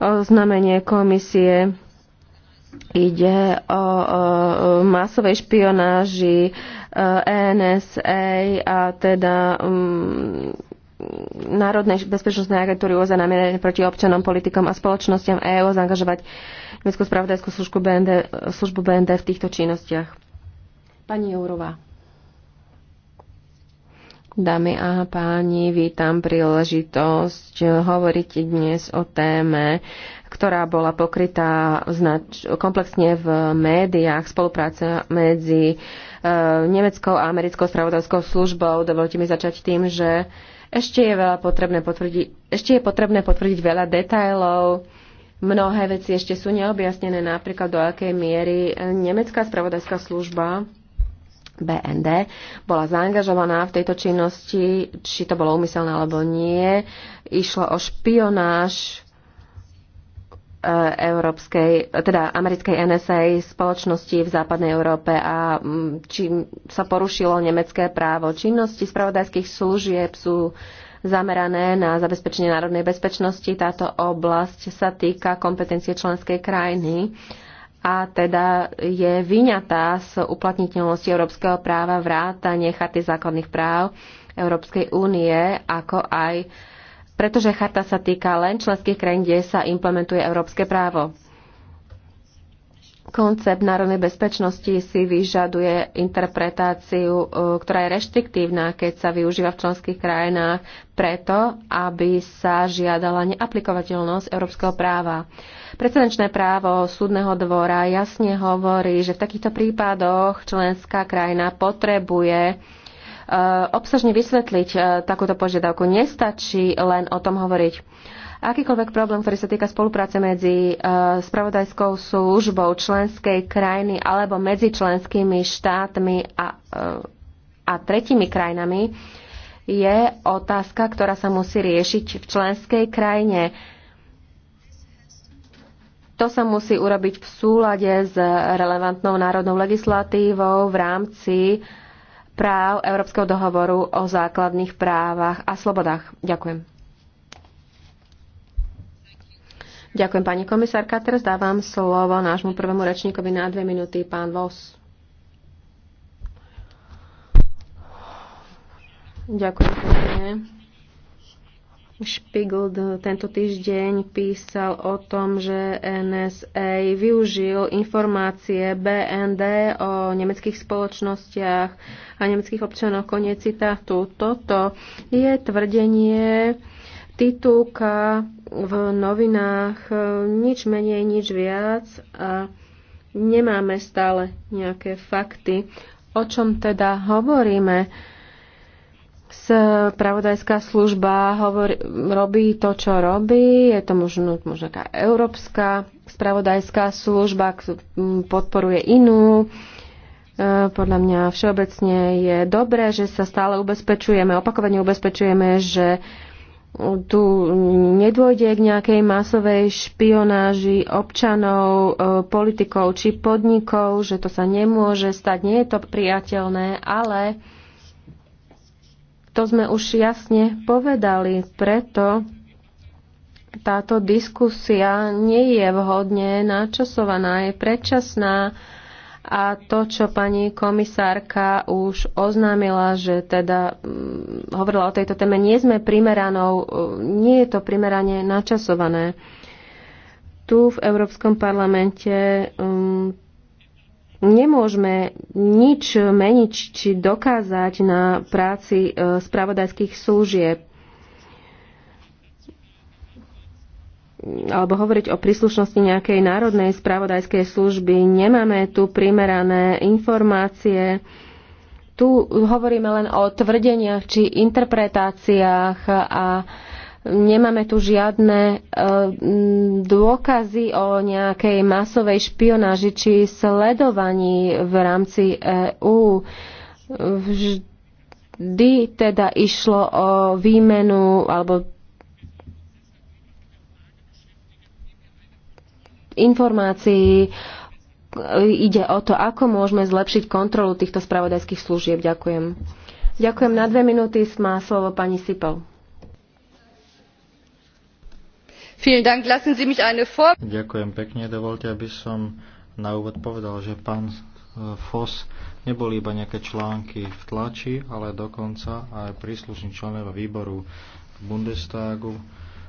znamenie komisie. Ide o, masovej špionáži e, NSA a teda mm, Národnej bezpečnostnej agentúry USA namierené proti občanom, politikom a spoločnostiam EÚ zaangažovať Nemeckú spravodajskú službu BND, službu BND v týchto činnostiach. Pani Jourová. Dámy a páni, vítam príležitosť hovoriť dnes o téme, ktorá bola pokrytá znač- komplexne v médiách, spolupráca medzi e, nemeckou a americkou spravodajskou službou. Dovolte mi začať tým, že ešte je, veľa potrebné potvrdiť, ešte je potrebné potvrdiť veľa detajlov. Mnohé veci ešte sú neobjasnené, napríklad do akej miery nemecká spravodajská služba BND bola zaangažovaná v tejto činnosti, či to bolo úmyselné alebo nie. Išlo o špionáž e, európskej, teda americkej NSA spoločnosti v západnej Európe a mm, čím sa porušilo nemecké právo. Činnosti spravodajských služieb sú zamerané na zabezpečenie národnej bezpečnosti. Táto oblasť sa týka kompetencie členskej krajiny. Uh, a teda je vyňatá z uplatniteľnosti európskeho práva vrátanie charty základných práv Európskej únie, ako aj pretože charta sa týka len členských krajín, kde sa implementuje európske právo. Koncept národnej bezpečnosti si vyžaduje interpretáciu, e, ktorá je reštriktívna, keď sa využíva v členských krajinách preto, aby sa žiadala neaplikovateľnosť európskeho práva. Precedenčné právo súdneho dvora jasne hovorí, že v takýchto prípadoch členská krajina potrebuje e, obsažne vysvetliť e, takúto požiadavku. Nestačí len o tom hovoriť Akýkoľvek problém, ktorý sa týka spolupráce medzi e, spravodajskou službou členskej krajiny alebo medzi členskými štátmi a, e, a tretimi krajinami, je otázka, ktorá sa musí riešiť v členskej krajine. To sa musí urobiť v súlade s relevantnou národnou legislatívou v rámci práv Európskeho dohovoru o základných právach a slobodách. Ďakujem. Ďakujem pani komisárka. Teraz dávam slovo nášmu prvému rečníkovi na dve minúty, pán Vos. Ďakujem pekne. Špigl tento týždeň písal o tom, že NSA využil informácie BND o nemeckých spoločnostiach a nemeckých občanoch. Koniec citátu. Toto je tvrdenie, titulka v novinách e, nič menej, nič viac a nemáme stále nejaké fakty. O čom teda hovoríme? Pravodajská služba hovorí, robí to, čo robí. Je to možno, možno taká európska spravodajská služba, podporuje inú. E, podľa mňa všeobecne je dobré, že sa stále ubezpečujeme, opakovane ubezpečujeme, že tu nedôjde k nejakej masovej špionáži občanov, e, politikov či podnikov, že to sa nemôže stať, nie je to priateľné, ale to sme už jasne povedali, preto táto diskusia nie je vhodne načasovaná, je predčasná a to, čo pani komisárka už oznámila, že teda hm, hovorila o tejto téme, nie sme primeranou, e, nie je to primerane načasované. Tu v Európskom parlamente hm, nemôžeme nič meniť či dokázať na práci e, spravodajských služieb. alebo hovoriť o príslušnosti nejakej národnej spravodajskej služby. Nemáme tu primerané informácie. Tu hovoríme len o tvrdeniach či interpretáciách a nemáme tu žiadne e, dôkazy o nejakej masovej špionáži či sledovaní v rámci EÚ. Vždy teda išlo o výmenu alebo informácií. Ide o to, ako môžeme zlepšiť kontrolu týchto spravodajských služieb. Ďakujem. Ďakujem. Na dve minúty má slovo pani Sipel. Ďakujem pekne. Dovolte, aby som na úvod povedal, že pán e, FOS neboli iba nejaké články v tlači, ale dokonca aj príslušní členov výboru v Bundestagu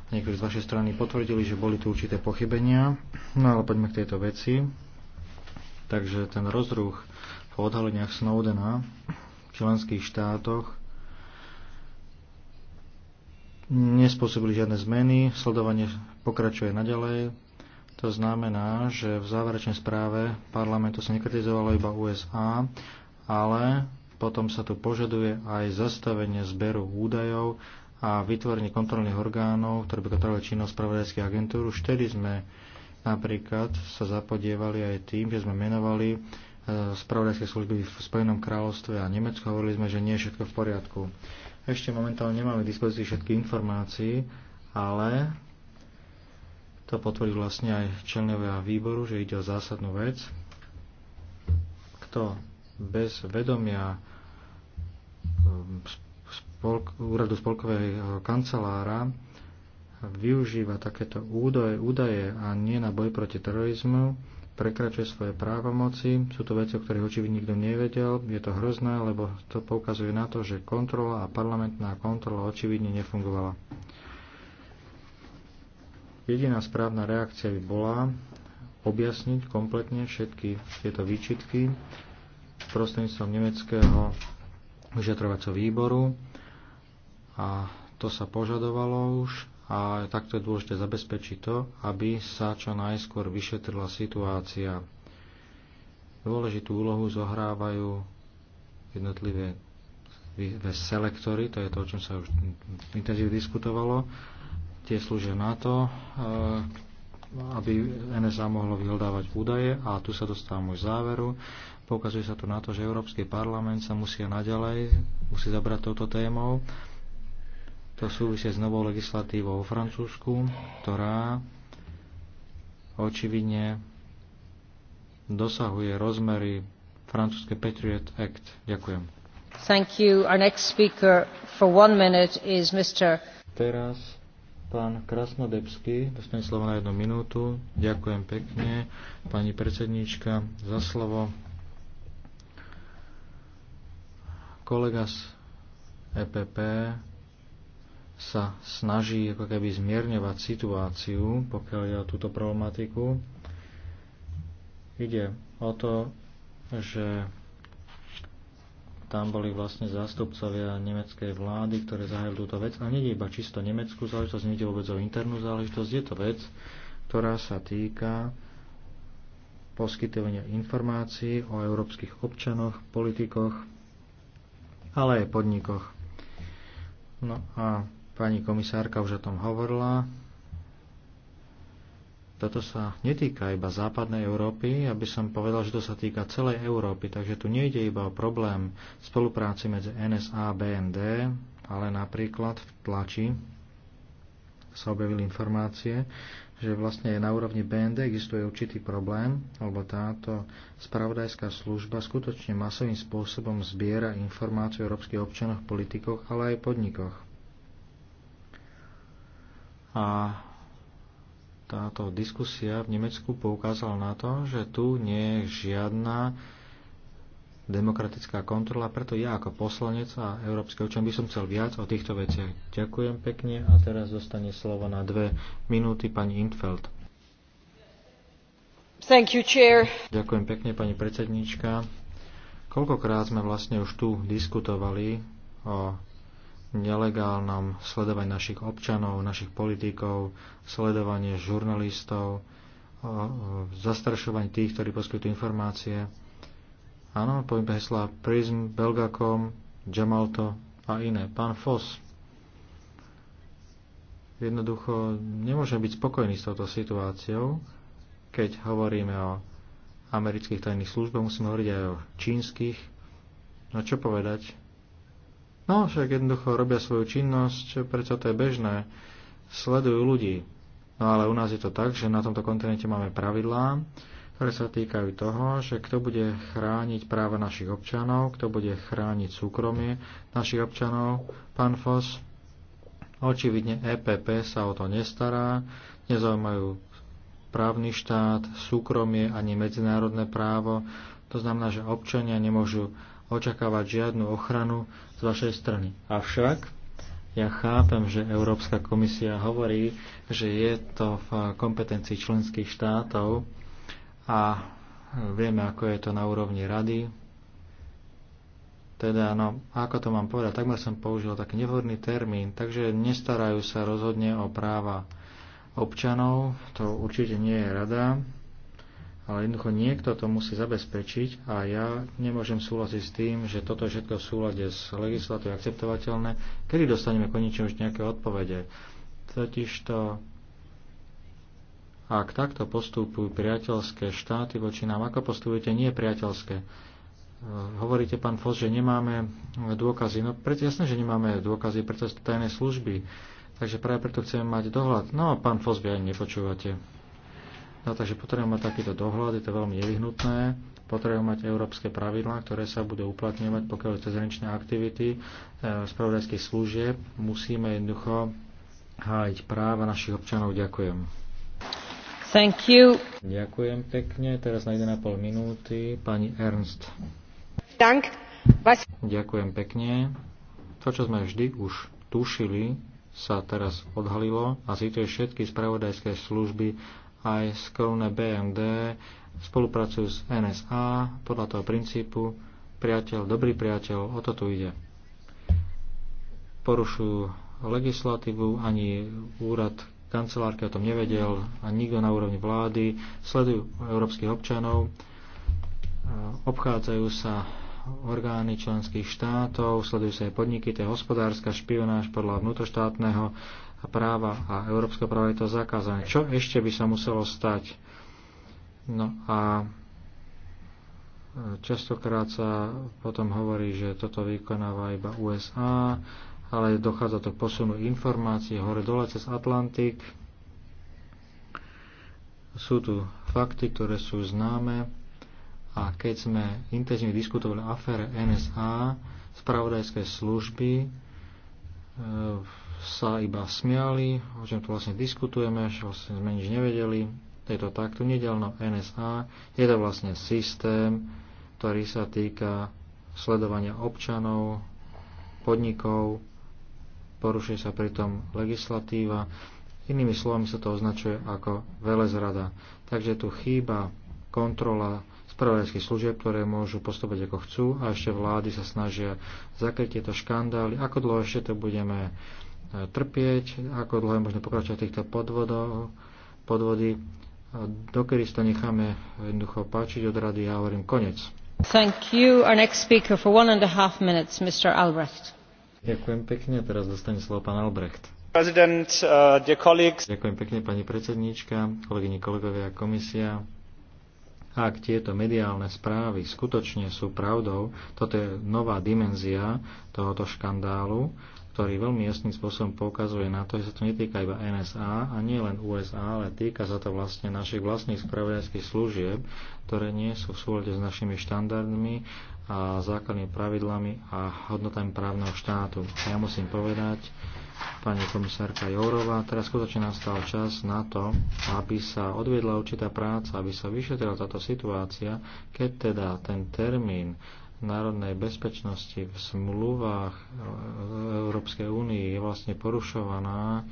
niektorí z vašej strany potvrdili, že boli tu určité pochybenia. No ale poďme k tejto veci. Takže ten rozruch po odhaleniach Snowdena v členských štátoch nespôsobili žiadne zmeny, sledovanie pokračuje naďalej. To znamená, že v záverečnej správe parlamentu sa nekritizovalo iba USA, ale potom sa tu požaduje aj zastavenie zberu údajov a vytvorenie kontrolných orgánov, ktoré by kontrolovali činnosť spravodajských agentúr. Už vtedy sme napríklad sa zapodievali aj tým, že sme menovali e, spravodajské služby v Spojenom kráľovstve a Nemecku. Hovorili sme, že nie je všetko v poriadku. Ešte momentálne nemáme k dispozícii všetky informácií, ale to potvrdí vlastne aj členovia výboru, že ide o zásadnú vec. Kto bez vedomia spolk, úradu spolkového kancelára využíva takéto údaje, údaje a nie na boj proti terorizmu, prekračuje svoje právomoci. Sú to veci, o ktorých očividne nikto nevedel. Je to hrozné, lebo to poukazuje na to, že kontrola a parlamentná kontrola očividne nefungovala. Jediná správna reakcia by bola objasniť kompletne všetky tieto výčitky prostredníctvom nemeckého vyšetrovacieho výboru a to sa požadovalo už a takto je dôležité zabezpečiť to, aby sa čo najskôr vyšetrila situácia. Dôležitú úlohu zohrávajú jednotlivé selektory, to je to, o čom sa už intenzívne diskutovalo, tie slúžia na to, e, aby NSA mohlo vyhľadávať údaje a tu sa dostávam už záveru. Poukazuje sa tu na to, že Európsky parlament sa musí naďalej, musí zabrať touto témou to súvisie s novou legislatívou o Francúzsku, ktorá očividne dosahuje rozmery francúzske Patriot Act. Ďakujem. Thank you. Our next speaker for one minute is Mr. Teraz pán Krasnodebský, dostane slovo na jednu minútu. Ďakujem pekne, pani predsedníčka, za slovo. Kolega z EPP sa snaží ako keby zmierňovať situáciu, pokiaľ je o túto problematiku. Ide o to, že tam boli vlastne zástupcovia nemeckej vlády, ktoré zahájili túto vec. A nie je iba čisto nemeckú záležitosť, nie je vôbec o internú záležitosť. Je to vec, ktorá sa týka poskytovania informácií o európskych občanoch, politikoch, ale aj podnikoch. No a Pani komisárka už o tom hovorila. Toto sa netýka iba západnej Európy, aby som povedal, že to sa týka celej Európy, takže tu nejde iba o problém spolupráci medzi NSA a BND, ale napríklad v tlači sa objavili informácie, že vlastne na úrovni BND existuje určitý problém, lebo táto spravodajská služba skutočne masovým spôsobom zbiera informácie o európskych občanoch, politikoch, ale aj podnikoch. A táto diskusia v Nemecku poukázala na to, že tu nie je žiadna demokratická kontrola, preto ja ako poslanec a európsky občan by som chcel viac o týchto veciach. Ďakujem pekne a teraz dostane slovo na dve minúty pani Intfeld. Thank you, chair. Ďakujem pekne, pani predsednička. Koľkokrát sme vlastne už tu diskutovali o nelegálnom sledovaní našich občanov, našich politikov, sledovanie žurnalistov, zastrašovanie tých, ktorí poskytujú informácie. Áno, poviem hesla Prism, Belgacom, Jamalto a iné. Pán Foss, jednoducho nemôžem byť spokojný s touto situáciou, keď hovoríme o amerických tajných službách, musíme hovoriť aj o čínskych. No čo povedať, No však jednoducho robia svoju činnosť, prečo to je bežné, sledujú ľudí. No ale u nás je to tak, že na tomto kontinente máme pravidlá, ktoré sa týkajú toho, že kto bude chrániť práva našich občanov, kto bude chrániť súkromie našich občanov. Pán Fos, očividne EPP sa o to nestará, nezaujímajú právny štát, súkromie ani medzinárodné právo. To znamená, že občania nemôžu očakávať žiadnu ochranu z vašej strany. Avšak ja chápem, že Európska komisia hovorí, že je to v kompetencii členských štátov a vieme, ako je to na úrovni rady. Teda, no, ako to mám povedať, takmer som použil taký nevhodný termín, takže nestarajú sa rozhodne o práva občanov, to určite nie je rada. Ale jednoducho niekto to musí zabezpečiť a ja nemôžem súhlasiť s tým, že toto všetko v súlade s legislatívou akceptovateľné. Kedy dostaneme konečne už nejaké odpovede? Totiž to ak takto postupujú priateľské štáty voči nám, ako postupujete nie priateľské? E, hovoríte, pán Fos, že nemáme dôkazy. No preto jasné, že nemáme dôkazy, preto sú tajné služby. Takže práve preto chceme mať dohľad. No, pán Fos, vy ani nepočúvate. No takže potrebujeme mať takýto dohľad, je to veľmi nevyhnutné. Potrebujeme mať európske pravidlá, ktoré sa budú uplatňovať, pokiaľ cezhraničné aktivity e, spravodajských služieb. Musíme jednoducho hájiť práva našich občanov. Ďakujem. Thank you. Ďakujem pekne. Teraz na 1,5 minúty pani Ernst. Dank. Ďakujem pekne. To, čo sme vždy už tušili, sa teraz odhalilo a cituje všetky spravodajské služby aj skromné BMD, spolupracujú s NSA podľa toho princípu priateľ, dobrý priateľ, o to tu ide. Porušujú legislatívu, ani úrad kancelárky o tom nevedel a nikto na úrovni vlády, sledujú európskych občanov, obchádzajú sa orgány členských štátov, sledujú sa aj podniky, to je hospodárska špionáž podľa vnútroštátneho a práva a európske práva je to zakázané. Čo ešte by sa muselo stať? No a e, častokrát sa potom hovorí, že toto vykonáva iba USA, ale dochádza to k posunu informácií hore-dole cez Atlantik. Sú tu fakty, ktoré sú známe a keď sme intenzívne diskutovali o afére NSA, spravodajské služby, e, sa iba smiali, o čom tu vlastne diskutujeme, že vlastne sme nič nevedeli. Je to takto, nedelno NSA, je to vlastne systém, ktorý sa týka sledovania občanov, podnikov, porušuje sa pritom legislatíva. Inými slovami sa to označuje ako velezrada. Takže tu chýba kontrola spravodajských služieb, ktoré môžu postupovať ako chcú a ešte vlády sa snažia zakryť tieto škandály. Ako dlho ešte to budeme E, trpieť, ako dlho je možné pokračovať v týchto podvodoch, podvody, dokedy si to necháme jednoducho páčiť od rady, ja hovorím koniec. Thank you. Our next speaker for one and a half minutes, Mr. Albrecht. Ďakujem pekne, teraz dostane slovo pán Albrecht. President, uh, dear colleagues. Ďakujem pekne, pani predsedníčka, kolegyni, kolegovia, komisia. Ak tieto mediálne správy skutočne sú pravdou, toto je nová dimenzia tohoto škandálu ktorý veľmi jasným spôsobom poukazuje na to, že sa to netýka iba NSA a nie len USA, ale týka sa to vlastne našich vlastných spravodajských služieb, ktoré nie sú v súlade s našimi štandardmi a základnými pravidlami a hodnotami právneho štátu. A ja musím povedať, pani komisárka Jourová, teraz skutočne nastal čas na to, aby sa odviedla určitá práca, aby sa vyšetrila táto situácia, keď teda ten termín národnej bezpečnosti v smluvách Európskej únie je vlastne porušovaná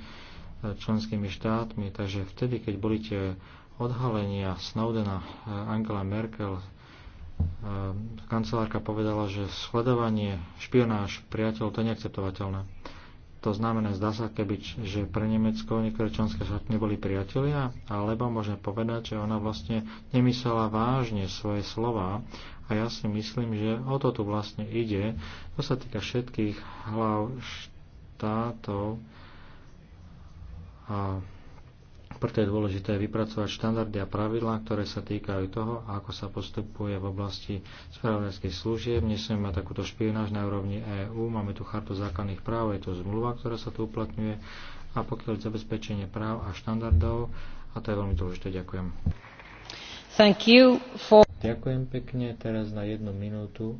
členskými štátmi, takže vtedy, keď boli tie odhalenia Snowdena Angela Merkel, eh, kancelárka povedala, že sledovanie špionáž priateľov to je neakceptovateľné. To znamená, zdá sa keby, že pre Nemecko niektoré členské štáty neboli priatelia, alebo môžeme povedať, že ona vlastne nemyslela vážne svoje slova a ja si myslím, že o to tu vlastne ide. To sa týka všetkých hlav štátov a preto je dôležité vypracovať štandardy a pravidlá, ktoré sa týkajú toho, ako sa postupuje v oblasti spravodajských služieb. Nesmieme mať takúto špionáž na úrovni EÚ. Máme tu chartu základných práv, je to zmluva, ktorá sa tu uplatňuje. A pokiaľ zabezpečenie práv a štandardov, a to je veľmi dôležité. Ďakujem. Thank you for... Ďakujem pekne. Teraz na jednu minútu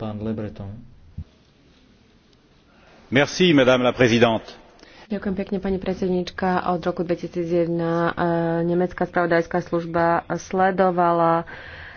pán Lebreton. Merci, madame la présidente Ďakujem pekne, pani predsednička. Od roku 2001 e, nemecká spravodajská služba sledovala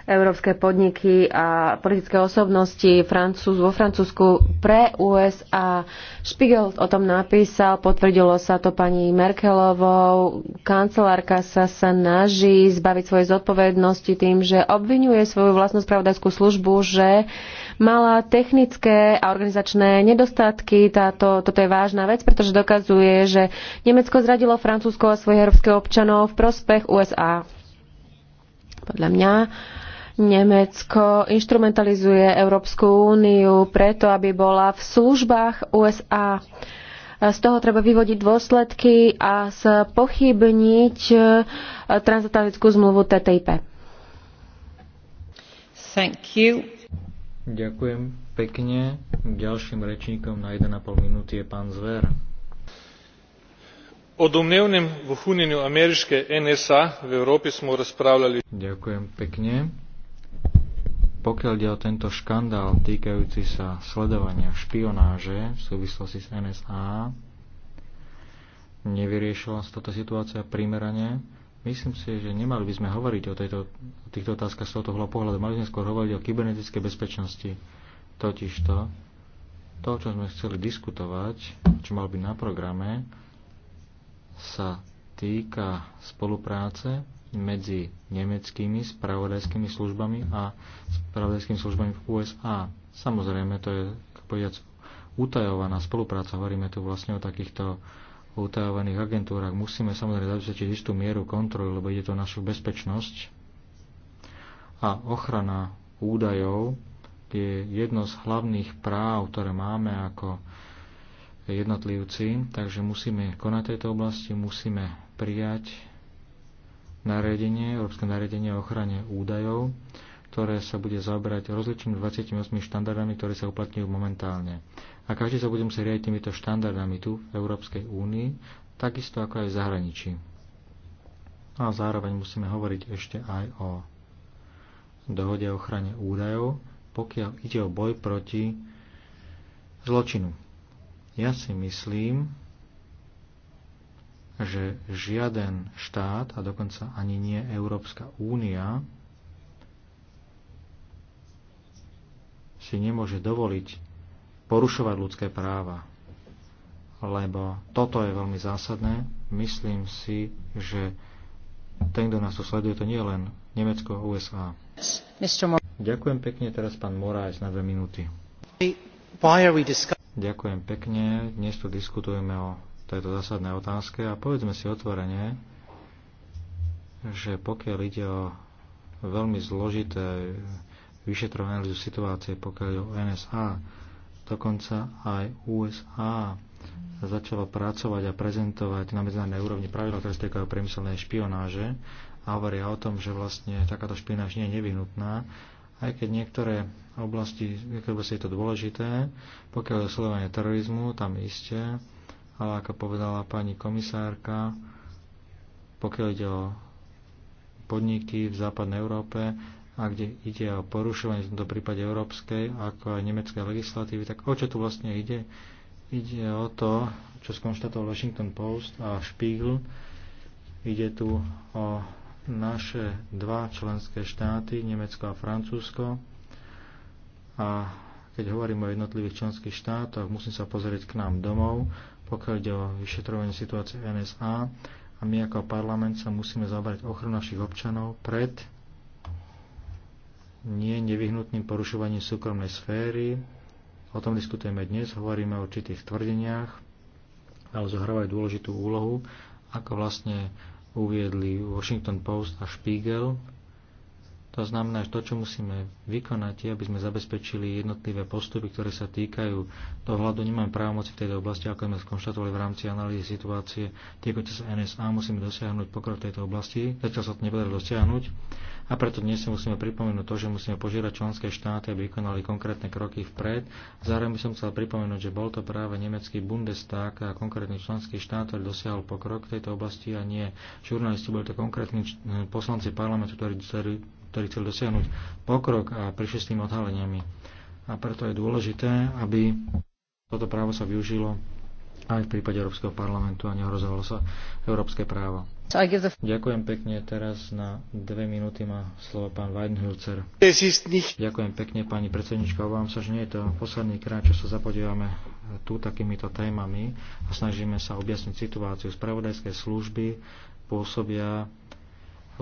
európske podniky a politické osobnosti Francúz, vo Francúzsku pre USA. Spiegel o tom napísal, potvrdilo sa to pani Merkelovou. Kancelárka sa snaží zbaviť svojej zodpovednosti tým, že obvinuje svoju vlastnú spravodajskú službu, že mala technické a organizačné nedostatky. Táto, toto je vážna vec, pretože dokazuje, že Nemecko zradilo Francúzsko a svojich európskych občanov v prospech USA. Podľa mňa Nemecko instrumentalizuje Európsku úniu preto, aby bola v službách USA. Z toho treba vyvodiť dôsledky a pochybniť eh, transatlantickú zmluvu TTIP. Thank you. Ďakujem pekne. Ďalším rečníkom na 1,5 minúty je pán Zver o domnevnom vohunjenju americké nsa v Európe sme rozprávali. ďakujem pekne pokiaľ ide o tento škandál týkajúci sa sledovania špionáže v súvislosti s NSA, nevyriešila sa táto situácia primerane. Myslím si, že nemali by sme hovoriť o, tejto, o týchto otázkach z tohto pohľadu. Mali by sme skôr hovoriť o kybernetickej bezpečnosti. Totižto, to, čo sme chceli diskutovať, čo mal byť na programe, sa týka spolupráce medzi nemeckými spravodajskými službami a spravodajskými službami v USA. Samozrejme, to je, povedať, utajovaná spolupráca. Hovoríme tu vlastne o takýchto utajovaných agentúrach. Musíme samozrejme zabezpečiť istú mieru kontroly, lebo ide to o našu bezpečnosť. A ochrana údajov je jedno z hlavných práv, ktoré máme ako jednotlivci, takže musíme konať tejto oblasti, musíme prijať nariadenie, Európske nariadenie o ochrane údajov, ktoré sa bude zaoberať rozličnými 28 štandardami, ktoré sa uplatňujú momentálne. A každý sa bude musieť riadiť týmito štandardami tu v Európskej únii, takisto ako aj v zahraničí. A zároveň musíme hovoriť ešte aj o dohode o ochrane údajov, pokiaľ ide o boj proti zločinu. Ja si myslím, že žiaden štát, a dokonca ani nie Európska únia, si nemôže dovoliť porušovať ľudské práva. Lebo toto je veľmi zásadné. Myslím si, že ten, kto nás tu sleduje, to nie je len Nemecko a USA. Ďakujem pekne, teraz pán Moraes na dve minúty. Ďakujem pekne. Dnes tu diskutujeme o tejto zásadnej otázke a povedzme si otvorene, že pokiaľ ide o veľmi zložité vyšetrovanie analýzu situácie, pokiaľ ide o NSA, dokonca aj USA začalo pracovať a prezentovať na medzinárodnej úrovni pravidla, ktoré stekajú týkajú priemyselnej špionáže a hovoria o tom, že vlastne takáto špionáž nie je nevyhnutná, aj keď niektoré oblasti, niektoré oblasti je to dôležité, pokiaľ je sledovanie terorizmu, tam iste ale ako povedala pani komisárka, pokiaľ ide o podniky v západnej Európe a kde ide o porušovanie v tomto prípade európskej ako aj nemeckej legislatívy, tak o čo tu vlastne ide? Ide o to, čo skonštatoval Washington Post a Spiegel. Ide tu o naše dva členské štáty, Nemecko a Francúzsko. A keď hovorím o jednotlivých členských štátoch, musím sa pozrieť k nám domov, pokiaľ ide o vyšetrovanie situácie NSA a my ako parlament sa musíme zabrať ochranu našich občanov pred nie nevyhnutným porušovaním súkromnej sféry. O tom diskutujeme dnes, hovoríme o určitých tvrdeniach, ale zohrávajú dôležitú úlohu, ako vlastne uviedli Washington Post a Spiegel, to znamená, že to, čo musíme vykonať, je, aby sme zabezpečili jednotlivé postupy, ktoré sa týkajú dohľadu. Nemáme právomoci v tejto oblasti, ako sme skonštatovali v rámci analýzy situácie týkajúce sa NSA. Musíme dosiahnuť pokrok v tejto oblasti. Zatiaľ sa to nepodarilo dosiahnuť. A preto dnes si musíme pripomenúť to, že musíme požiadať členské štáty, aby vykonali konkrétne kroky vpred. Zároveň by som chcel pripomenúť, že bol to práve nemecký Bundestag a konkrétny členský štát, ktorý dosiahol pokrok v tejto oblasti a nie žurnalisti, boli to konkrétni poslanci parlamentu, ktorí ktorý chcel dosiahnuť pokrok a prišli s tým odhaleniami. A preto je dôležité, aby toto právo sa využilo aj v prípade Európskeho parlamentu a nehrozovalo sa európske právo. Ďakujem pekne. Teraz na dve minúty má slovo pán Weidenhülzer. Ďakujem pekne, pani predsednička. Obávam sa, že nie je to posledný krát, čo sa zapodívame tu takýmito témami a snažíme sa objasniť situáciu. Spravodajské služby pôsobia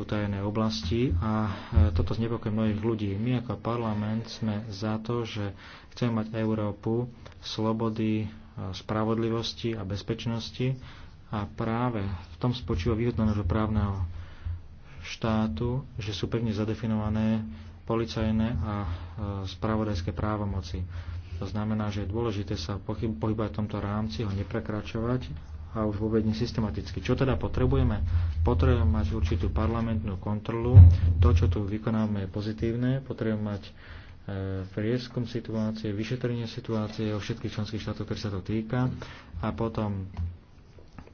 utajené oblasti a e, toto znepokojí mnohých ľudí. My ako parlament sme za to, že chceme mať Európu slobody, e, spravodlivosti a bezpečnosti a práve v tom spočíva výhodná právneho štátu, že sú pevne zadefinované policajné a e, spravodajské právomoci. To znamená, že je dôležité sa pohybovať v tomto rámci, ho neprekračovať a už vôbec nesystematicky. Čo teda potrebujeme? Potrebujeme mať určitú parlamentnú kontrolu. To, čo tu vykonávame, je pozitívne. Potrebujeme mať e, prieskum situácie, vyšetrenie situácie o všetkých členských štátoch, ktoré sa to týka a potom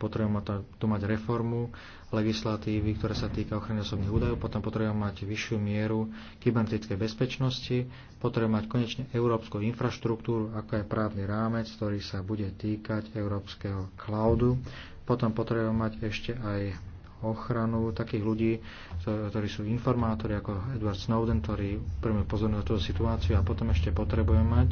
potrebujeme tu mať reformu legislatívy, ktorá sa týka ochrany osobných údajov, potom potrebujeme mať vyššiu mieru kybernetickej bezpečnosti, potrebujeme mať konečne európsku infraštruktúru, ako je právny rámec, ktorý sa bude týkať európskeho cloudu, potom potrebujeme mať ešte aj ochranu takých ľudí, ktorí sú informátori, ako Edward Snowden, ktorý prvým pozornosť túto situáciu a potom ešte potrebujeme mať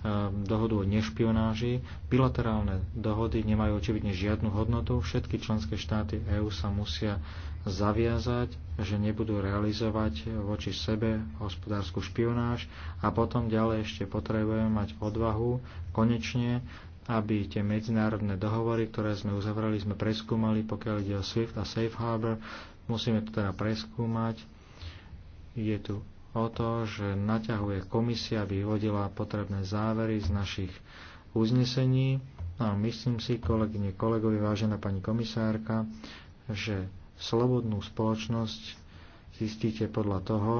Ehm, dohodu o nešpionáži. Bilaterálne dohody nemajú očividne žiadnu hodnotu. Všetky členské štáty EÚ sa musia zaviazať, že nebudú realizovať voči sebe hospodárskú špionáž a potom ďalej ešte potrebujeme mať odvahu konečne, aby tie medzinárodné dohovory, ktoré sme uzavrali, sme preskúmali, pokiaľ ide o SWIFT a Safe Harbor, musíme to teda preskúmať. Je tu o to, že naťahuje komisia, vyvodila potrebné závery z našich uznesení. No a myslím si, kolegyne, kolegovi, vážená pani komisárka, že slobodnú spoločnosť zistíte podľa toho,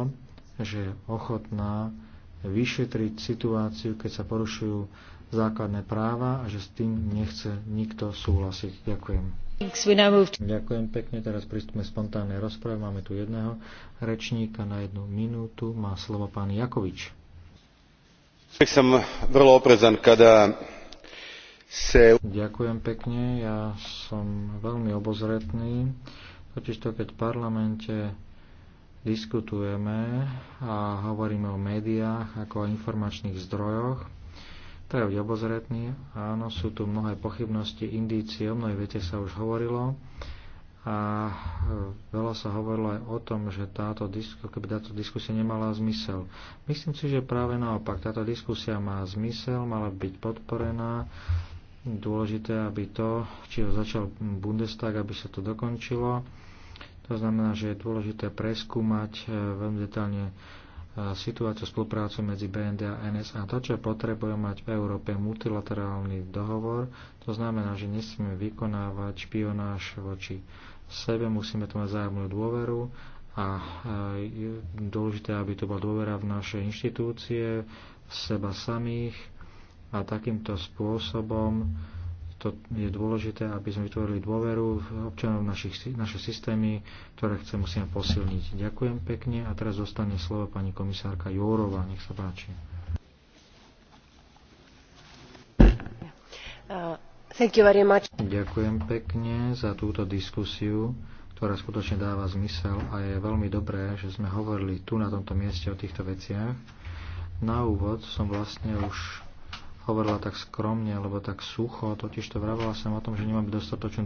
že je ochotná vyšetriť situáciu, keď sa porušujú základné práva a že s tým nechce nikto súhlasiť. Ďakujem. Ďakujem pekne, teraz pristúpme spontánnej rozprave. Máme tu jedného rečníka na jednu minútu. Má slovo pán Jakovič. Som vrlo oprezan, kada se... Ďakujem pekne, ja som veľmi obozretný. to, keď v parlamente diskutujeme a hovoríme o médiách ako o informačných zdrojoch, Treba byť obozretný. Áno, sú tu mnohé pochybnosti, indície, o mnohých vete sa už hovorilo. A e, veľa sa hovorilo aj o tom, že táto, keby táto diskusia nemala zmysel. Myslím si, že práve naopak, táto diskusia má zmysel, mala byť podporená. Dôležité, aby to, či ho začal Bundestag, aby sa to dokončilo. To znamená, že je dôležité preskúmať e, veľmi detálne situáciu spoluprácu medzi BND a NSA. To, čo potrebuje mať v Európe multilaterálny dohovor, to znamená, že nesmieme vykonávať špionáž voči sebe, musíme tu mať zájomnú dôveru a e, je dôležité, aby to bola dôvera v naše inštitúcie, v seba samých a takýmto spôsobom to je dôležité, aby sme vytvorili dôveru občanov našich, naše systémy, ktoré chce, musíme posilniť. Ďakujem pekne a teraz zostane slovo pani komisárka Jórova. Nech sa páči. Uh, Ďakujem pekne za túto diskusiu, ktorá skutočne dáva zmysel a je veľmi dobré, že sme hovorili tu na tomto mieste o týchto veciach. Na úvod som vlastne už hovorila tak skromne alebo tak sucho, totiž to vravala som o tom, že nemáme dostatočnú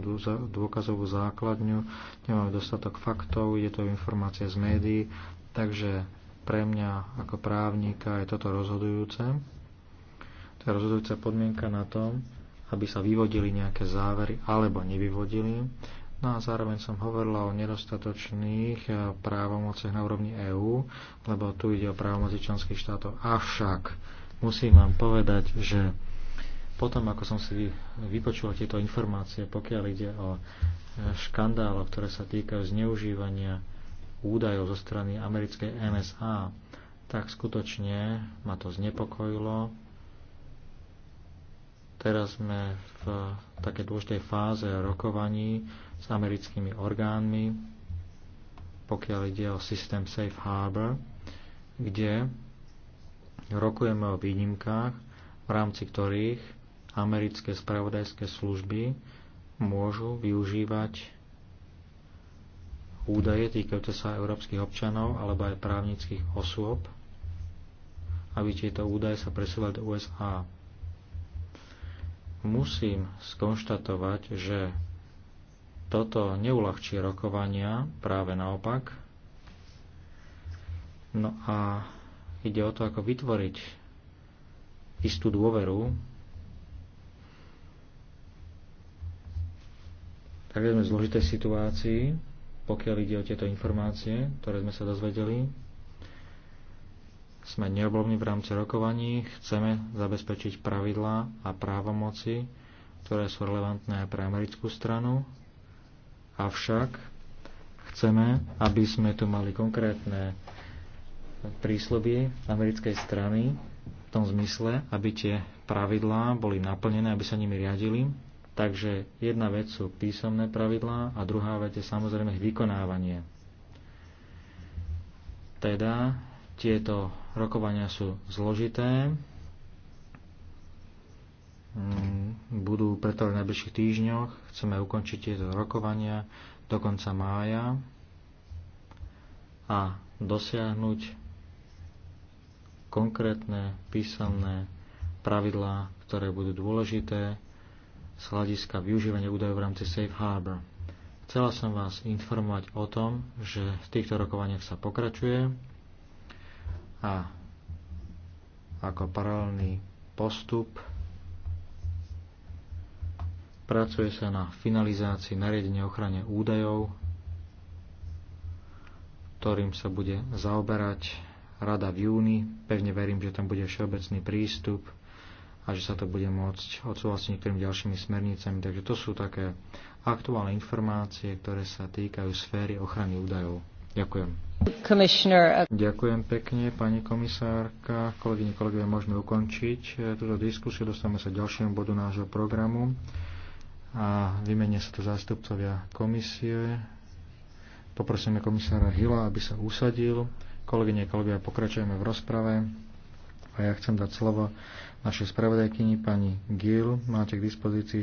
dôkazovú základňu, nemáme dostatok faktov, je to informácie z médií, takže pre mňa ako právnika je toto rozhodujúce. To je rozhodujúca podmienka na tom, aby sa vyvodili nejaké závery alebo nevyvodili. No a zároveň som hovorila o nedostatočných eh, právomociach na úrovni EÚ, lebo tu ide o právomoci členských štátov. Avšak musím vám povedať, že potom, ako som si vypočul tieto informácie, pokiaľ ide o e, škandálo, ktoré sa týkajú zneužívania údajov zo strany americkej NSA, tak skutočne ma to znepokojilo. Teraz sme v také dôležitej fáze rokovaní s americkými orgánmi, pokiaľ ide o systém Safe Harbor, kde Rokujeme o výnimkách, v rámci ktorých americké spravodajské služby môžu využívať údaje týkajúce sa európskych občanov alebo aj právnických osôb, aby tieto údaje sa presúvali do USA. Musím skonštatovať, že toto neulahčí rokovania, práve naopak. No a Ide o to, ako vytvoriť istú dôveru, tak sme v zložitej situácii, pokiaľ ide o tieto informácie, ktoré sme sa dozvedeli. Sme neoblomní v rámci rokovaní, chceme zabezpečiť pravidlá a právomoci, ktoré sú relevantné pre americkú stranu, avšak chceme, aby sme tu mali konkrétne prísľuby americkej strany v tom zmysle, aby tie pravidlá boli naplnené, aby sa nimi riadili. Takže jedna vec sú písomné pravidlá a druhá vec je samozrejme ich vykonávanie. Teda tieto rokovania sú zložité, mm, budú preto v najbližších týždňoch. Chceme ukončiť tieto rokovania do konca mája a dosiahnuť konkrétne písomné pravidlá, ktoré budú dôležité z hľadiska využívania údajov v rámci Safe Harbor. Chcela som vás informovať o tom, že v týchto rokovaniach sa pokračuje a ako paralelný postup pracuje sa na finalizácii nariadenia ochrane údajov, ktorým sa bude zaoberať rada v júni. Pevne verím, že tam bude všeobecný prístup a že sa to bude môcť odsúhlasiť niektorými ďalšími smernicami. Takže to sú také aktuálne informácie, ktoré sa týkajú sféry ochrany údajov. Ďakujem. Uh, Ďakujem pekne, pani komisárka. Kolegyne, kolegovia, môžeme ukončiť eh, túto diskusiu. Dostávame sa k ďalšiemu bodu nášho programu. A vymenia sa tu zástupcovia komisie. Poprosíme komisára Hila, aby sa usadil. Kolegyne, kolegovia, pokračujeme v rozprave a ja chcem dať slovo našej spravodajkyni pani Gil. Máte k dispozícii